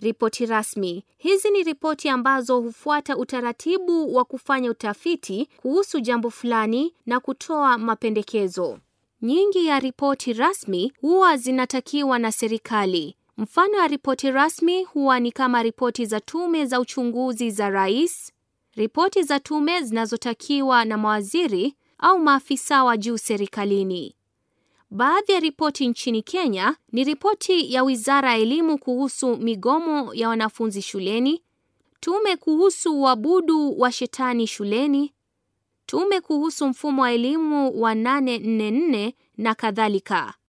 Ripoti rasmi. Hizi ni ripoti ambazo hufuata utaratibu wa kufanya utafiti kuhusu jambo fulani na kutoa mapendekezo. Nyingi ya ripoti rasmi huwa zinatakiwa na serikali. Mfano ya ripoti rasmi huwa ni kama ripoti za tume za uchunguzi za rais, ripoti za tume zinazotakiwa na mawaziri au maafisa wa juu serikalini. Baadhi ya ripoti nchini Kenya ni ripoti ya Wizara ya Elimu kuhusu migomo ya wanafunzi shuleni, tume kuhusu uabudu wa shetani shuleni, tume kuhusu mfumo wa elimu wa 844 na kadhalika.